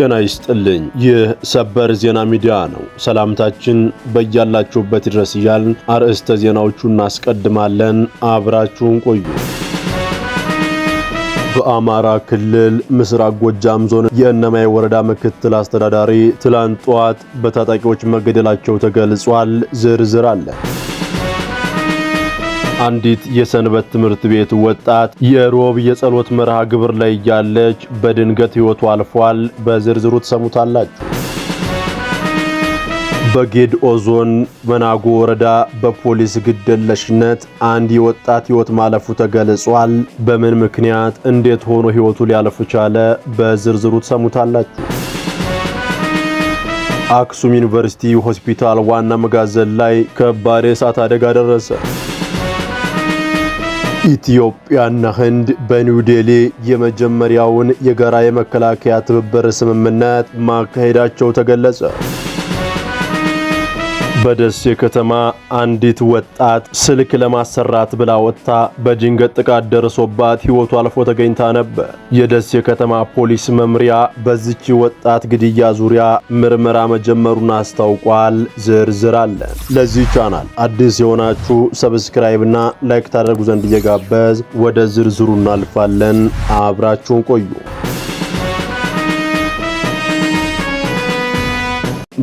ጤና ይስጥልኝ። ይህ ሰበር ዜና ሚዲያ ነው። ሰላምታችን በያላችሁበት ድረስ እያልን አርዕስተ ዜናዎቹ እናስቀድማለን። አብራችሁን ቆዩ። በአማራ ክልል ምስራቅ ጎጃም ዞን የእነማይ ወረዳ ምክትል አስተዳዳሪ ትላንት ጠዋት በታጣቂዎች መገደላቸው ተገልጿል። ዝርዝር አለ። አንዲት የሰንበት ትምህርት ቤት ወጣት የሮብ የጸሎት መርሃ ግብር ላይ እያለች በድንገት ሕይወቱ አልፏል። በዝርዝሩ ትሰሙታላችሁ። በጌድኦ ዞን መናጎ ወረዳ በፖሊስ ግደለሽነት አንድ የወጣት ህይወት ማለፉ ተገልጿል። በምን ምክንያት፣ እንዴት ሆኖ ህይወቱ ሊያልፍ ቻለ? በዝርዝሩ ትሰሙታላችሁ። አክሱም ዩኒቨርሲቲ ሆስፒታል ዋና መጋዘን ላይ ከባድ የእሳት አደጋ ደረሰ። ኢትዮጵያና ህንድ ዴሊ የመጀመሪያውን የጋራ የመከላከያ ትብብር ስምምነት ማካሄዳቸው ተገለጸ። በደሴ ከተማ አንዲት ወጣት ስልክ ለማሰራት ብላ ወጥታ በጅንገት ጥቃት ደርሶባት ሕይወቱ አልፎ ተገኝታ ነበር። የደሴ ከተማ ፖሊስ መምሪያ በዚች ወጣት ግድያ ዙሪያ ምርመራ መጀመሩን አስታውቋል። ዝርዝር አለ። ለዚህ ቻናል አዲስ የሆናችሁ ሰብስክራይብና ላይክ ታደርጉ ዘንድ እየጋበዝ ወደ ዝርዝሩ እናልፋለን። አብራችሁን ቆዩ።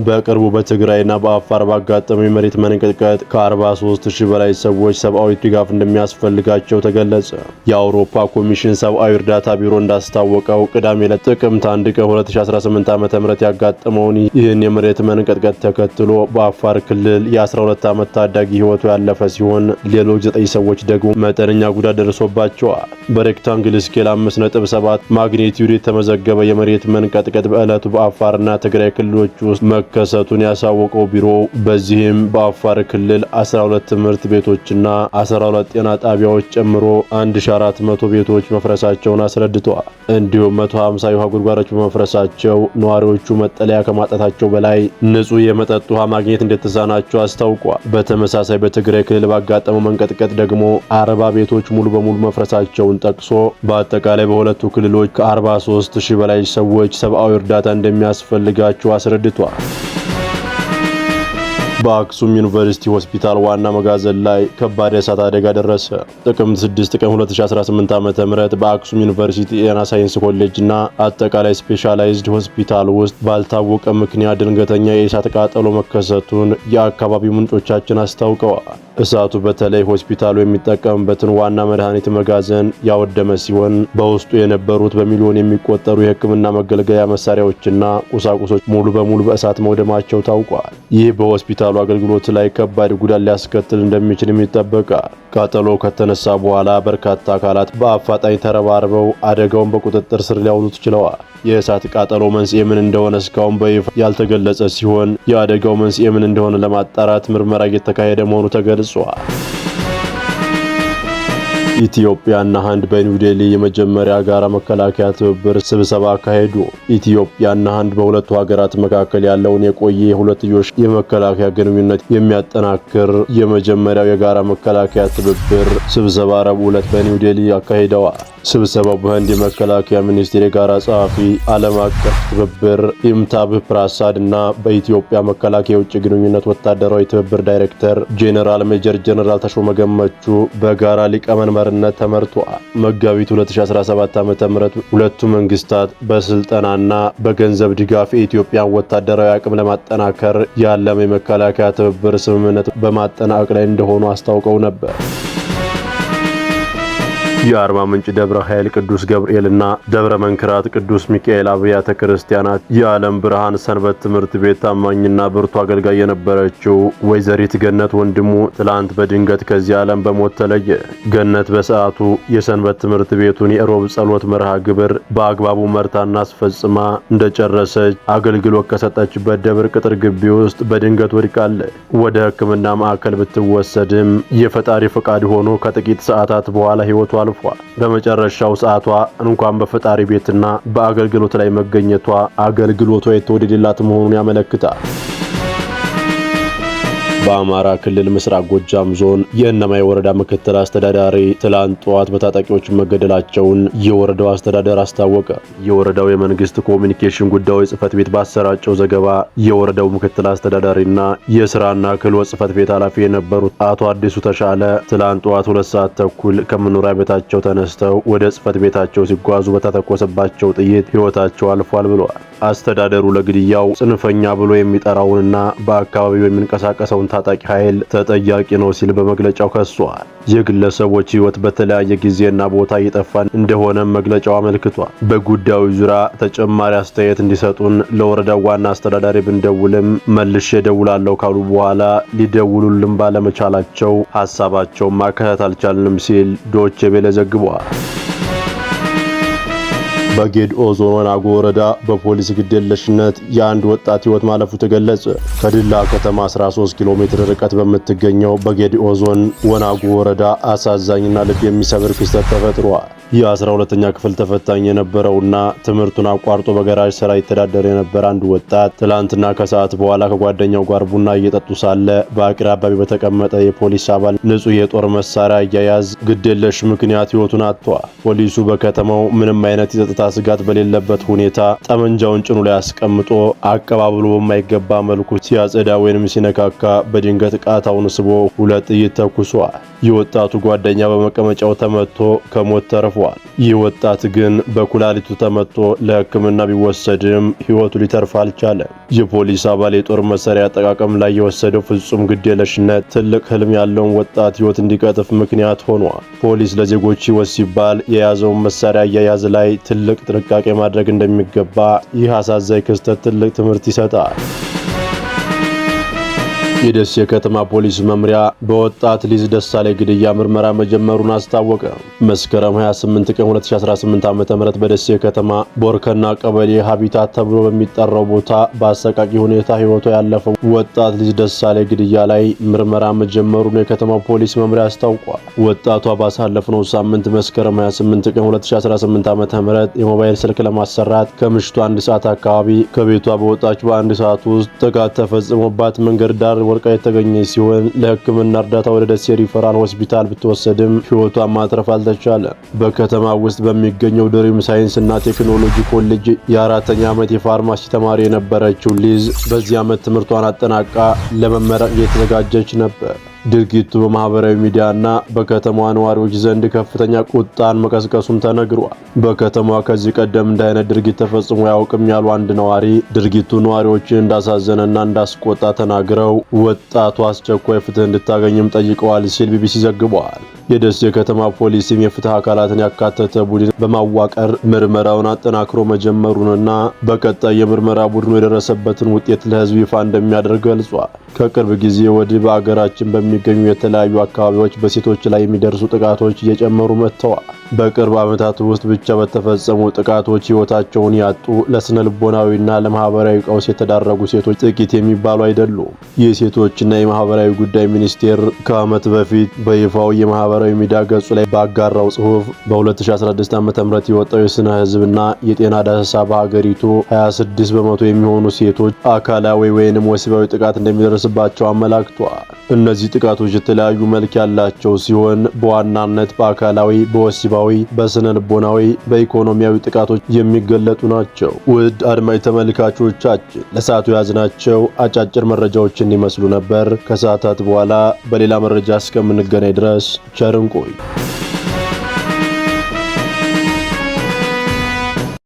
በቅርቡ በትግራይና በአፋር ባጋጠመው የመሬት መንቀጥቀጥ ከ43 ሺህ በላይ ሰዎች ሰብአዊ ድጋፍ እንደሚያስፈልጋቸው ተገለጸ። የአውሮፓ ኮሚሽን ሰብአዊ እርዳታ ቢሮ እንዳስታወቀው ቅዳሜ ዕለት ጥቅምት 1 ቀን 2018 ዓ.ም ያጋጠመውን ይህን የመሬት መንቀጥቀጥ ተከትሎ በአፋር ክልል የ12 ዓመት ታዳጊ ሕይወቱ ያለፈ ሲሆን ሌሎች 9 ሰዎች ደግሞ መጠነኛ ጉዳት ደርሶባቸዋል። በሬክታንግል ስኬል 5.7 ማግኔቲዩድ የተመዘገበ የመሬት መንቀጥቀጥ በዕለቱ በአፋርና ትግራይ ክልሎች ውስጥ መከሰቱን ያሳወቀው ቢሮው በዚህም በአፋር ክልል 12 ትምህርት ቤቶችና 12 ጤና ጣቢያዎች ጨምሮ 1400 ቤቶች መፍረሳቸውን አስረድተዋል። እንዲሁም 150 የውሃ ጉድጓዶች በመፍረሳቸው ነዋሪዎቹ መጠለያ ከማጣታቸው በላይ ንጹህ የመጠጥ ውሃ ማግኘት እንደተሳናቸው አስታውቋል። በተመሳሳይ በትግራይ ክልል ባጋጠመው መንቀጥቀጥ ደግሞ 40 ቤቶች ሙሉ በሙሉ መፍረሳቸውን ጠቅሶ በአጠቃላይ በሁለቱ ክልሎች ከ43 ሺህ በላይ ሰዎች ሰብአዊ እርዳታ እንደሚያስፈልጋቸው አስረድቷል። በአክሱም ዩኒቨርሲቲ ሆስፒታል ዋና መጋዘን ላይ ከባድ የእሳት አደጋ ደረሰ። ጥቅምት 6 ቀን 2018 ም በአክሱም ዩኒቨርሲቲ ጤና ሳይንስ ኮሌጅ እና አጠቃላይ ስፔሻላይዝድ ሆስፒታል ውስጥ ባልታወቀ ምክንያት ድንገተኛ የእሳት ቃጠሎ መከሰቱን የአካባቢው ምንጮቻችን አስታውቀዋል። እሳቱ በተለይ ሆስፒታሉ የሚጠቀምበትን ዋና መድኃኒት መጋዘን ያወደመ ሲሆን በውስጡ የነበሩት በሚሊዮን የሚቆጠሩ የሕክምና መገልገያ መሳሪያዎችና ቁሳቁሶች ሙሉ በሙሉ በእሳት መውደማቸው ታውቋል። ይህ በሆስፒታሉ በሆስፒታሉ አገልግሎት ላይ ከባድ ጉዳት ሊያስከትል እንደሚችልም ይጠበቃል። ቃጠሎ ከተነሳ በኋላ በርካታ አካላት በአፋጣኝ ተረባርበው አደጋውን በቁጥጥር ስር ሊያውሉት ችለዋል። የእሳት ቃጠሎ መንስኤ ምን እንደሆነ እስካሁን በይፋ ያልተገለጸ ሲሆን የአደጋው መንስኤ ምን እንደሆነ ለማጣራት ምርመራ እየተካሄደ መሆኑ ተገልጿል። ኢትዮጵያና ህንድ በኒው ዴሊ የመጀመሪያ ጋራ መከላከያ ትብብር ስብሰባ አካሄዱ። ኢትዮጵያና ህንድ በሁለቱ ሀገራት መካከል ያለውን የቆየ የሁለትዮሽ የመከላከያ ግንኙነት የሚያጠናክር የመጀመሪያው የጋራ መከላከያ ትብብር ስብሰባ ረቡዕ ዕለት በኒው ዴሊ አካሂደዋል። ስብሰባው በህንድ የመከላከያ ሚኒስቴር የጋራ ጸሐፊ ዓለም አቀፍ ትብብር ኢምታብ ፕራሳድ እና በኢትዮጵያ መከላከያ የውጭ ግንኙነት ወታደራዊ ትብብር ዳይሬክተር ጄኔራል ሜጀር ጄኔራል ተሾመ ገመቹ በጋራ ሊቀመንበር ፕሬዝዳንትነት ተመርቷል። መጋቢት 2017 ዓ.ም ሁለቱ መንግስታት በስልጠናና በገንዘብ ድጋፍ የኢትዮጵያን ወታደራዊ አቅም ለማጠናከር ያለመ የመከላከያ ትብብር ስምምነት በማጠናቀቅ ላይ እንደሆኑ አስታውቀው ነበር። የአርባ ምንጭ ደብረ ኃይል ቅዱስ ገብርኤልና ደብረ መንክራት ቅዱስ ሚካኤል አብያተ ክርስቲያናት የዓለም ብርሃን ሰንበት ትምህርት ቤት ታማኝና ብርቱ አገልጋይ የነበረችው ወይዘሪት ገነት ወንድሙ ትላንት በድንገት ከዚህ ዓለም በሞት ተለየ። ገነት በሰዓቱ የሰንበት ትምህርት ቤቱን የሮብ ጸሎት መርሃ ግብር በአግባቡ መርታና አስፈጽማ እንደጨረሰች አገልግሎት ከሰጠችበት ደብር ቅጥር ግቢ ውስጥ በድንገት ወድቃለ ወደ ሕክምና ማዕከል ብትወሰድም የፈጣሪ ፈቃድ ሆኖ ከጥቂት ሰዓታት በኋላ ሕይወቷ አልፏል። አሳርፏል። በመጨረሻው ሰዓቷ እንኳን በፈጣሪ ቤትና በአገልግሎት ላይ መገኘቷ አገልግሎቷ የተወደደላት መሆኑን ያመለክታል። በአማራ ክልል ምስራቅ ጎጃም ዞን የእነማይ ወረዳ ምክትል አስተዳዳሪ ትላንት ጠዋት በታጣቂዎች መገደላቸውን የወረዳው አስተዳደር አስታወቀ። የወረዳው የመንግስት ኮሚኒኬሽን ጉዳዮች ጽህፈት ቤት ባሰራጨው ዘገባ የወረዳው ምክትል አስተዳዳሪና የስራና ክህሎት ጽህፈት ቤት ኃላፊ የነበሩት አቶ አዲሱ ተሻለ ትላንት ጠዋት ሁለት ሰዓት ተኩል ከመኖሪያ ቤታቸው ተነስተው ወደ ጽህፈት ቤታቸው ሲጓዙ በተተኮሰባቸው ጥይት ህይወታቸው አልፏል ብለዋል። አስተዳደሩ ለግድያው ጽንፈኛ ብሎ የሚጠራውንና በአካባቢው የሚንቀሳቀሰውን ታጣቂ ኃይል ተጠያቂ ነው ሲል በመግለጫው ከሷል። የግለሰቦች ሕይወት በተለያየ ጊዜና ቦታ እየጠፋን እንደሆነም መግለጫው አመልክቷል። በጉዳዩ ዙሪያ ተጨማሪ አስተያየት እንዲሰጡን ለወረዳው ዋና አስተዳዳሪ ብንደውልም መልሼ ደውላለሁ ካሉ በኋላ ሊደውሉልን ባለመቻላቸው ሀሳባቸውን ማካተት አልቻልንም ሲል ዶቼ ቬለ ዘግቧል። በጌድኦ ዞን አጎ ወረዳ በፖሊስ ግዴለሽነት የአንድ ወጣት ሕይወት ማለፉ ተገለጸ። ከድላ ከተማ 13 ኪሎ ሜትር ርቀት በምትገኘው በጌድኦ ዞን ወናጎ ወረዳ አሳዛኝና ልብ የሚሰብር ክስተት ተፈጥሯል። የ12ኛ ክፍል ተፈታኝ የነበረውና ትምህርቱን አቋርጦ በገራጅ ስራ ይተዳደር የነበረ አንድ ወጣት ትላንትና ከሰዓት በኋላ ከጓደኛው ጋር ቡና እየጠጡ ሳለ በአቅራባቢ በተቀመጠ የፖሊስ አባል ንጹህ የጦር መሳሪያ አያያዝ ግዴለሽ ምክንያት ሕይወቱን አጥቷል። ፖሊሱ በከተማው ምንም አይነት የጸጥታ የጸጥታ ስጋት በሌለበት ሁኔታ ጠመንጃውን ጭኑ ላይ አስቀምጦ አቀባብሎ በማይገባ መልኩ ሲያጸዳ ወይንም ሲነካካ በድንገት ቃታውን ስቦ ሁለት ጥይት ተኩሷል። ጓደኛ በመቀመጫው ተመቶ ከሞት ተርፏል። ይህ ወጣት ግን በኩላሊቱ ተመቶ ለሕክምና ቢወሰድም ሕይወቱ ሊተርፍ አልቻለም። የፖሊስ አባል የጦር መሳሪያ አጠቃቀም ላይ የወሰደው ፍጹም ግዴለሽነት ትልቅ ህልም ያለውን ወጣት ሕይወት እንዲቀጥፍ ምክንያት ሆኗል። ፖሊስ ለዜጎች ሕይወት ሲባል የያዘውን መሳሪያ አያያዝ ላይ ትልቅ ትልቅ ጥንቃቄ ማድረግ እንደሚገባ ይህ አሳዛኝ ክስተት ትልቅ ትምህርት ይሰጣል። የደሴ ከተማ ፖሊስ መምሪያ በወጣት ሊዝ ላይ ግድያ ምርመራ መጀመሩን አስታወቀ። መስከረም 28 ቀን 2018 ዓ.ም በደሴ ከተማ ቦርከና ቀበሌ ሀቢታት ተብሎ በሚጠራው ቦታ በአሰቃቂ ሁኔታ ህይወቱ ያለፈው ወጣት ሊዝ ደሳለኝ ግድያ ላይ ምርመራ መጀመሩን የከተማው ፖሊስ መምሪያ አስታውቋል። ወጣቷ ባሳለፍነው ሳምንት መስከረም 28 ቀን 2018 ዓ.ም የሞባይል ስልክ ለማሰራት ከምሽቱ አንድ ሰዓት አካባቢ ከቤቷ በወጣች በአንድ ሰዓት ውስጥ ጥቃት ተፈጽሞባት መንገድ ዳር ወድቃ የተገኘች ሲሆን ለሕክምና እርዳታ ወደ ደሴ ሪፈራል ሆስፒታል ብትወሰድም ሕይወቷን ማትረፍ አልተቻለ። በከተማ ውስጥ በሚገኘው ድሪም እና ቴክኖሎጂ ኮሌጅ የአራተኛ ዓመት የፋርማሲ ተማሪ የነበረችው ሊዝ በዚህ ዓመት ትምህርቷን አጠናቃ ለመመረቅ እየተዘጋጀች ነበር። ድርጊቱ በማህበራዊ ሚዲያና በከተማዋ ነዋሪዎች ዘንድ ከፍተኛ ቁጣን መቀስቀሱም ተነግሯል። በከተማዋ ከዚህ ቀደም እንዲህ አይነት ድርጊት ተፈጽሞ ያውቅም ያሉ አንድ ነዋሪ ድርጊቱ ነዋሪዎችን እንዳሳዘነና እንዳስቆጣ ተናግረው ወጣቱ አስቸኳይ ፍትህ እንድታገኝም ጠይቀዋል ሲል ቢቢሲ ዘግቧል። የደሴ ከተማ ፖሊስም የፍትህ አካላትን ያካተተ ቡድን በማዋቀር ምርመራውን አጠናክሮ መጀመሩንና በቀጣይ የምርመራ ቡድኑ የደረሰበትን ውጤት ለህዝብ ይፋ እንደሚያደርግ ገልጿል። ከቅርብ ጊዜ ወዲህ በአገራችን በሚገኙ የተለያዩ አካባቢዎች በሴቶች ላይ የሚደርሱ ጥቃቶች እየጨመሩ መጥተዋል። በቅርብ ዓመታት ውስጥ ብቻ በተፈጸሙ ጥቃቶች ህይወታቸውን ያጡ ለስነ ልቦናዊና ለማህበራዊ ቀውስ የተዳረጉ ሴቶች ጥቂት የሚባሉ አይደሉም። የሴቶችና የማህበራዊ ጉዳይ ሚኒስቴር ከዓመት በፊት በይፋው የማህበ ማህበራዊ ሚዲያ ገጹ ላይ ባጋራው ጽሁፍ በ2016 ም የወጣው የስነ ህዝብና የጤና ዳሰሳ በሀገሪቱ 26 በመቶ የሚሆኑ ሴቶች አካላዊ ወይንም ወሲባዊ ጥቃት እንደሚደርስባቸው አመላክቷል። እነዚህ ጥቃቶች የተለያዩ መልክ ያላቸው ሲሆን በዋናነት በአካላዊ፣ በወሲባዊ፣ በስነ ልቦናዊ፣ በኢኮኖሚያዊ ጥቃቶች የሚገለጡ ናቸው። ውድ አድማጭ ተመልካቾቻችን ለሰዓቱ የያዝናቸው አጫጭር መረጃዎች እንዲመስሉ ነበር። ከሰዓታት በኋላ በሌላ መረጃ እስከምንገናኝ ድረስ ቸርን ቆዩ